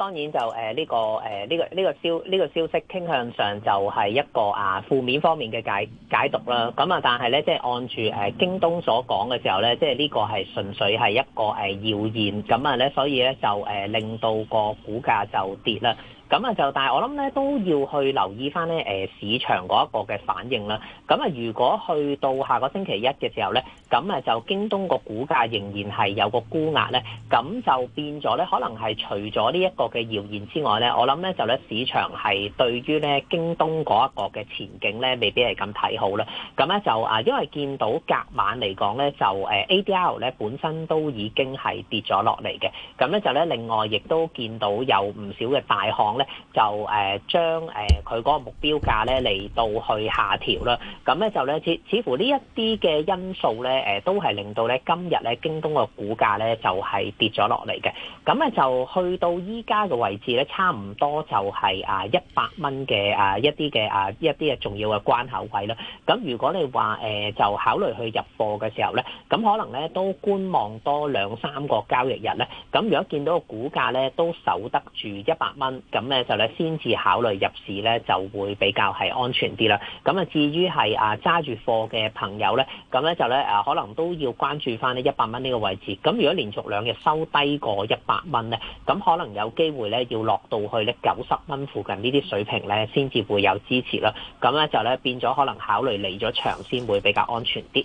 當然就誒呢個誒呢個呢個消呢個消息傾向上就係一個啊負面方面嘅解解讀啦。咁啊，但係咧即係按住京東所講嘅時候咧，即係呢個係純粹係一個誒謠言。咁啊咧，所以咧就誒令到個股價就跌啦。咁啊就，但係我諗咧都要去留意翻咧誒市場嗰一個嘅反應啦。咁啊，如果去到下個星期一嘅時候咧，咁啊就京東個股價仍然係有個沽壓咧，咁就變咗咧，可能係除咗呢一個嘅謠言之外咧，我諗咧就咧市場係對於咧京東嗰一個嘅前景咧，未必係咁睇好啦。咁咧就啊，因為見到隔晚嚟講咧，就 ADR 咧本身都已經係跌咗落嚟嘅。咁咧就咧另外亦都見到有唔少嘅大行。就誒將誒佢嗰個目標價咧嚟到去下調啦，咁咧就咧似似乎呢一啲嘅因素咧誒都係令到咧今日咧京東嘅股價咧就係跌咗落嚟嘅，咁咧就去到依家嘅位置咧差唔多就係啊一百蚊嘅啊一啲嘅啊一啲嘅重要嘅關口位啦，咁如果你話誒就考慮去入貨嘅時候咧，咁可能咧都觀望多兩三個交易日咧，咁如果見到個股價咧都守得住一百蚊咁。咩就咧，先至考慮入市咧，就會比較係安全啲啦。咁啊，至於係啊揸住貨嘅朋友咧，咁咧就咧誒，可能都要關注翻呢一百蚊呢個位置。咁如果連續兩日收低過一百蚊咧，咁可能有機會咧要落到去咧九十蚊附近呢啲水平咧，先至會有支持啦。咁咧就咧變咗可能考慮離咗場先會比較安全啲。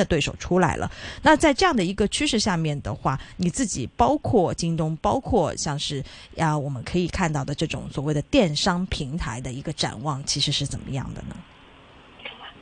的對手出來了，那在這樣的一個趨勢下面的話，你自己包括京東，包括像是啊我們可以看到的這種所謂的電商平台的一個展望，其實是怎麼樣的呢？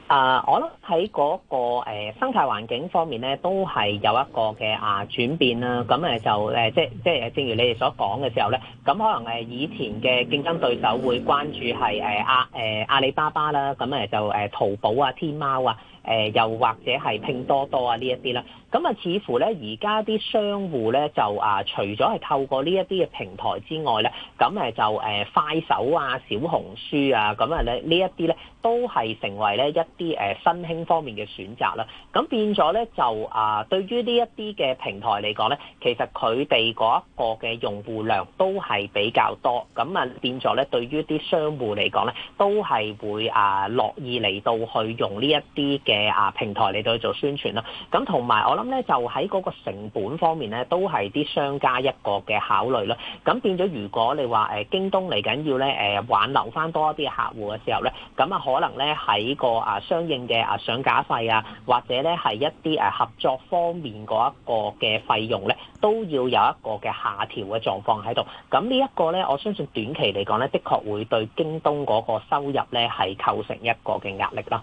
啊、呃，我諗喺嗰個誒、呃、生態環境方面咧，都係有一個嘅啊轉變啦、啊。咁誒就誒、呃、即即係正如你哋所講嘅時候咧，咁可能誒以前嘅競爭對手會關注係誒阿誒阿里巴巴啦，咁誒就誒、呃、淘寶啊、天貓啊。誒又或者係拼多多啊呢一啲啦，咁啊似乎呢，而家啲商戶呢，就啊除咗係透過呢一啲嘅平台之外呢，咁誒就誒快手啊、小紅書啊，咁啊呢呢一啲呢，都係成為呢一啲誒新興方面嘅選擇啦。咁變咗呢，就啊對於呢一啲嘅平台嚟講呢，其實佢哋嗰一個嘅用戶量都係比較多，咁啊變咗呢，對於啲商戶嚟講呢，都係會啊樂意嚟到去用呢一啲嘅。誒啊！平台嚟到去做宣傳啦，咁同埋我諗咧，就喺嗰個成本方面咧，都係啲商家一個嘅考慮啦。咁變咗，如果你話誒京東嚟緊要咧，誒挽留翻多一啲客戶嘅時候咧，咁啊可能咧喺個啊相應嘅啊上架費啊，或者咧係一啲誒合作方面嗰一個嘅費用咧，都要有一個嘅下調嘅狀況喺度。咁呢一個咧，我相信短期嚟講咧，的確會對京東嗰個收入咧係構成一個嘅壓力啦。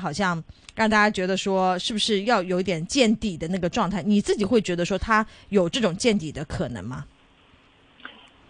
好像讓大家覺得說，是不是要有一點見底的那個狀態？你自己會覺得說，它有這種見底的可能嗎？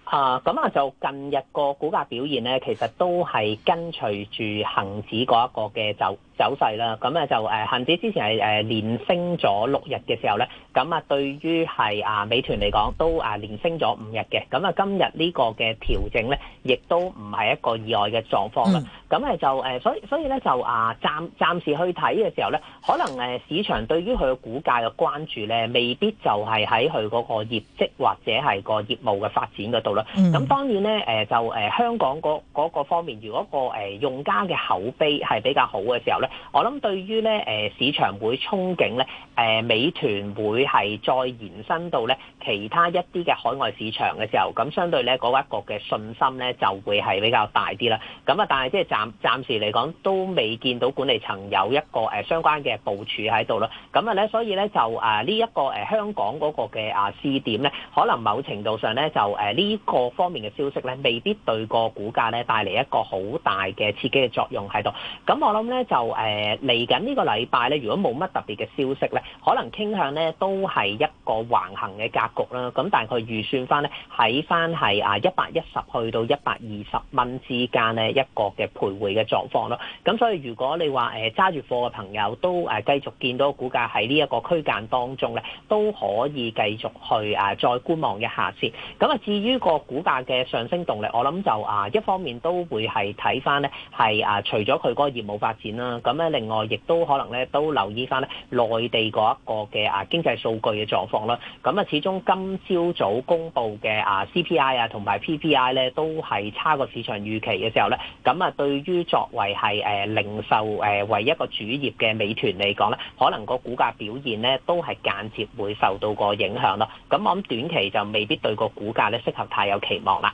啊、呃，咁啊，就近日個股價表現呢，其實都係跟隨住恒指嗰一個嘅走。走勢啦，咁啊就誒恆指之前係誒連升咗六日嘅時候咧，咁啊對於係啊美團嚟講都啊連升咗五日嘅，咁啊今日呢個嘅調整咧，亦都唔係一個意外嘅狀況啦。咁啊就誒，所以所以咧就啊暫暫時去睇嘅時候咧，可能誒市場對於佢嘅股價嘅關注咧，未必就係喺佢嗰個業績或者係個業務嘅發展嗰度啦。咁當然咧誒就誒香港嗰個方面，如果個誒用家嘅口碑係比較好嘅時候咧。我諗對於咧誒市場會憧憬咧誒美團會係再延伸到咧其他一啲嘅海外市場嘅時候，咁相對咧嗰、那個、一個嘅信心咧就會係比較大啲啦。咁啊，但係即係暫暫時嚟講都未見到管理層有一個誒相關嘅部署喺度咯。咁啊咧，所以咧就誒呢一個誒香港嗰個嘅啊試點咧，可能某程度上咧就誒呢、啊這個方面嘅消息咧，未必對個股價咧帶嚟一個好大嘅刺激嘅作用喺度。咁我諗咧就。誒嚟緊呢個禮拜咧，如果冇乜特別嘅消息咧，可能傾向咧都係一個橫行嘅格局啦。咁但係佢預算翻咧，喺翻係啊一百一十去到一百二十蚊之間咧，一個嘅徘徊嘅狀況咯。咁所以如果你話誒揸住貨嘅朋友都誒繼續見到股價喺呢一個區間當中咧，都可以繼續去啊再觀望一下先。咁啊，至於個股價嘅上升動力，我諗就啊一方面都會係睇翻咧係啊除咗佢嗰個業務發展啦。咁咧，另外亦都可能咧，都留意翻咧內地嗰一個嘅啊經濟數據嘅狀況啦。咁啊，始終今朝早公布嘅啊 CPI 啊同埋 PPI 咧都係差過市場預期嘅時候咧。咁啊，對於作為係零售唯一一個主業嘅美團嚟講咧，可能個股價表現咧都係間接會受到個影響咯。咁我諗短期就未必對個股價咧適合太有期望啦。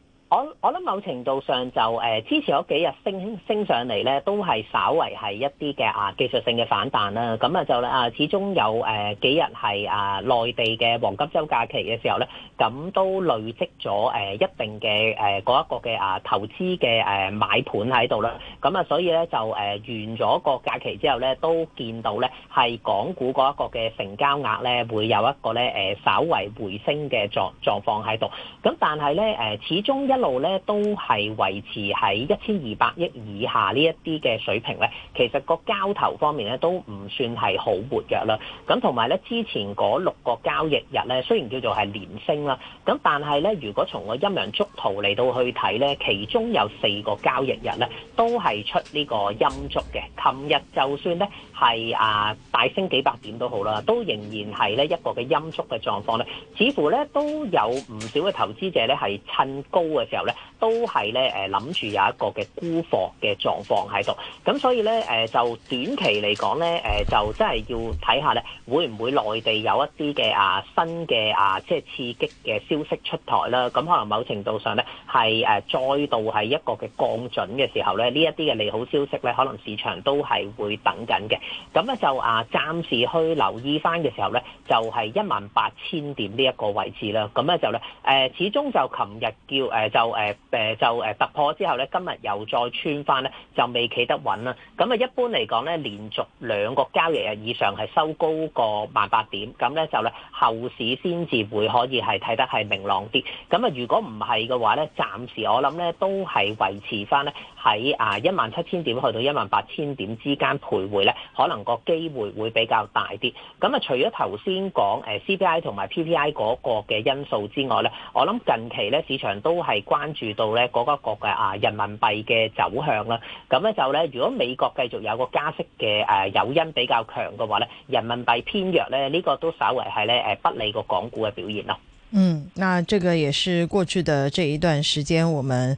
我我諗某程度上就誒，之前嗰幾日升升上嚟咧，都係稍為係一啲嘅啊技術性嘅反彈啦。咁啊就啊始終有誒幾日係啊內地嘅黃金週假期嘅時候咧，咁都累積咗誒一定嘅誒嗰一個嘅啊投資嘅誒買盤喺度啦。咁啊所以咧就誒完咗個假期之後咧，都見到咧係港股嗰一個嘅成交額咧會有一個咧稍為回升嘅狀狀況喺度。咁但係咧誒始終一路咧都係維持喺一千二百億以下呢一啲嘅水平咧，其實個交投方面咧都唔算係好活躍啦。咁同埋咧，之前嗰六個交易日咧，雖然叫做係連升啦，咁但係咧，如果從個陰陽燭圖嚟到去睇咧，其中有四個交易日咧都係出呢個陰燭嘅。琴日就算咧係啊大升幾百點都好啦，都仍然係咧一個嘅陰燭嘅狀況咧，似乎咧都有唔少嘅投資者咧係趁高嘅。時候咧，都係咧誒諗住有一個嘅沽貨嘅狀況喺度，咁所以咧誒就短期嚟講咧誒就真係要睇下咧會唔會內地有一啲嘅啊新嘅啊即係刺激嘅消息出台啦，咁可能某程度上咧係誒再度係一個嘅降準嘅時候咧，呢一啲嘅利好消息咧，可能市場都係會等緊嘅。咁咧就啊暫時去留意返嘅時候咧，就係一萬八千點呢一個位置啦。咁咧就咧誒始終就琴日叫誒就。就誒誒就誒突破之後咧，今日又再穿翻咧，就未企得穩啦。咁啊，一般嚟講咧，連續兩個交易日以上係收高過萬八點，咁咧就咧後市先至會可以係睇得係明朗啲。咁啊，如果唔係嘅話咧，暫時我諗咧都係維持翻咧。喺啊一萬七千點去到一萬八千點之間徘徊咧，可能個機會會比較大啲。咁啊，除咗頭先講誒 CPI 同埋 PPI 嗰個嘅因素之外咧，我諗近期咧市場都係關注到咧嗰一國嘅啊人民幣嘅走向啦。咁咧就咧，如果美國繼續有個加息嘅誒誘因比較強嘅話咧，人民幣偏弱咧，呢個都稍為係咧誒不利個港股嘅表現咯。嗯，那這個也是過去的這一段時間，我們。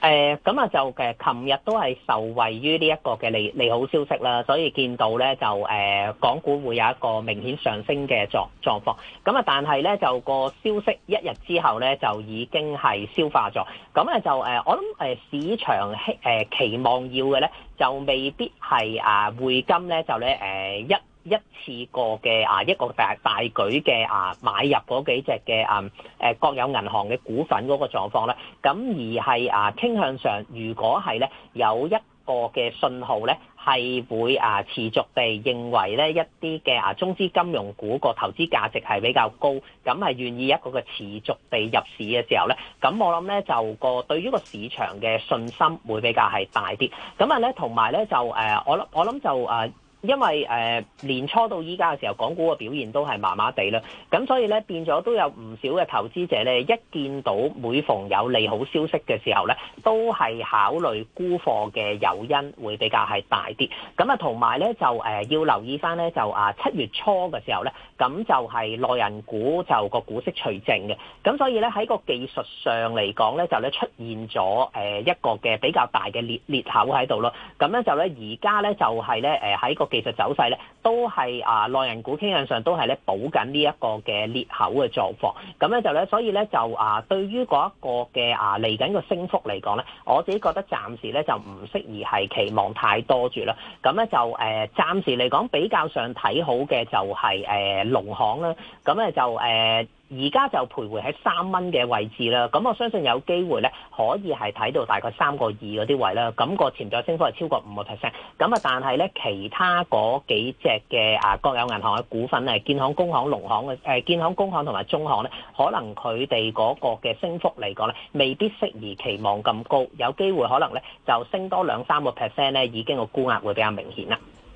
誒咁啊，就誒，琴日都係受惠於呢一個嘅利利好消息啦，所以見到咧就誒、呃，港股會有一個明顯上升嘅狀狀況。咁啊，但係咧就個消息一日之後咧就已經係消化咗。咁咧就誒、呃，我諗誒市場希誒期望要嘅咧就未必係啊匯金咧就咧誒一。呃一次過嘅啊一個大大舉嘅啊買入嗰幾隻嘅嗯誒國有銀行嘅股份嗰個狀況咧，咁而係啊傾向上，如果係咧有一個嘅信號咧，係會啊持續地認為咧一啲嘅啊中資金融股個投資價值係比較高，咁係願意一個嘅持續地入市嘅時候咧，咁我諗咧就個對於個市場嘅信心會比較係大啲，咁啊咧同埋咧就誒我諗我諗就誒。因為誒、呃、年初到依家嘅時候，港股嘅表現都係麻麻地啦，咁所以咧變咗都有唔少嘅投資者咧，一見到每逢有利好消息嘅時候咧，都係考慮沽貨嘅誘因會比較係大啲。咁啊，同埋咧就誒、呃、要留意翻咧就啊七、呃、月初嘅時候咧，咁就係內人股就個股息除淨嘅，咁所以咧喺個技術上嚟講咧就咧出現咗誒一個嘅比較大嘅裂裂口喺度咯。咁咧就咧而家咧就係咧誒喺個技術走勢咧，都係啊內銀股傾向上都係咧補緊呢一個嘅裂口嘅狀況。咁咧就咧，所以咧就啊，對於嗰一個嘅啊嚟緊個升幅嚟講咧，我自己覺得暫時咧就唔適宜係期望太多住啦。咁咧就誒、啊，暫時嚟講比較上睇好嘅就係、是、誒、啊、農行啦。咁、啊、咧就誒。啊而家就徘徊喺三蚊嘅位置啦，咁我相信有機會咧，可以係睇到大概三個二嗰啲位啦。咁個潛在升幅係超過五個 percent。咁啊，但係咧，其他嗰幾隻嘅啊，國有銀行嘅股份咧，建行、工行、農行嘅，誒，建行、工行同埋中行咧，可能佢哋嗰個嘅升幅嚟講咧，未必適宜期望咁高。有機會可能咧，就升多兩三個 percent 咧，已經個沽壓會比較明顯啦。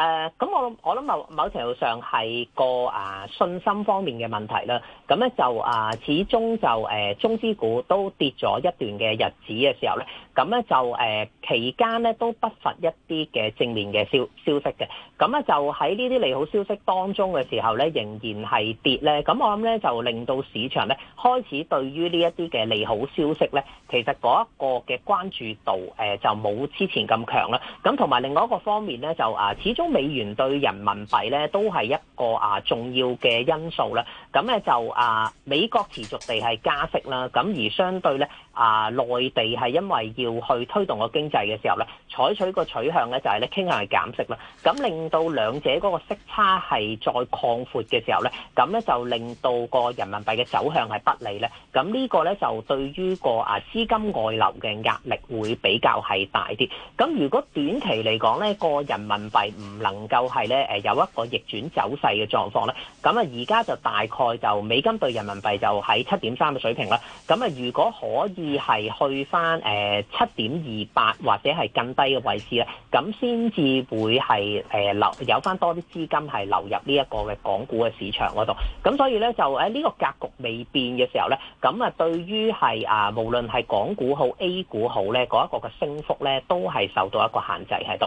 誒、呃、咁我我諗某某程度上係個啊信心方面嘅問題啦，咁咧就啊始終就誒、啊、中資股都跌咗一段嘅日子嘅時候咧。咁咧就誒、呃、期間咧都不乏一啲嘅正面嘅消消息嘅，咁咧就喺呢啲利好消息當中嘅時候咧仍然係跌咧，咁我諗咧就令到市場咧開始對於呢一啲嘅利好消息咧，其實嗰一個嘅關注度誒就冇之前咁強啦。咁同埋另外一個方面咧就啊，始終美元對人民幣咧都係一個啊重要嘅因素啦。咁咧就啊美國持續地係加息啦，咁而相對咧啊內地係因為要要去推動個經濟嘅時候咧，採取個取向咧就係咧傾向係減息啦。咁令到兩者嗰個息差係再擴闊嘅時候咧，咁咧就令到個人民幣嘅走向係不利咧。咁呢個咧就對於個啊資金外流嘅壓力會比較係大啲。咁如果短期嚟講咧，個人民幣唔能夠係咧誒有一個逆轉走勢嘅狀況咧，咁啊而家就大概就美金兌人民幣就喺七點三嘅水平啦。咁啊，如果可以係去翻誒。七點二八或者係更低嘅位置咧，咁先至會係誒流有翻多啲資金係流入呢一個嘅港股嘅市場嗰度，咁所以咧就喺呢個格局未變嘅時候咧，咁啊對於係啊無論係港股好 A 股好咧，嗰一個嘅升幅咧都係受到一個限制喺度。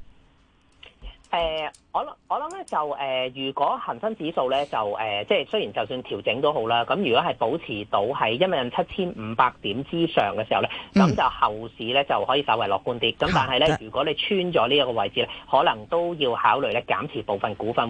誒、呃，我我諗咧就誒、呃，如果恆生指數咧就誒、呃，即係雖然就算調整都好啦，咁如果係保持到喺一萬七千五百點之上嘅時候咧，咁就後市咧就可以稍為樂觀啲。咁但係咧，如果你穿咗呢一個位置咧，可能都要考慮咧減持部分股份。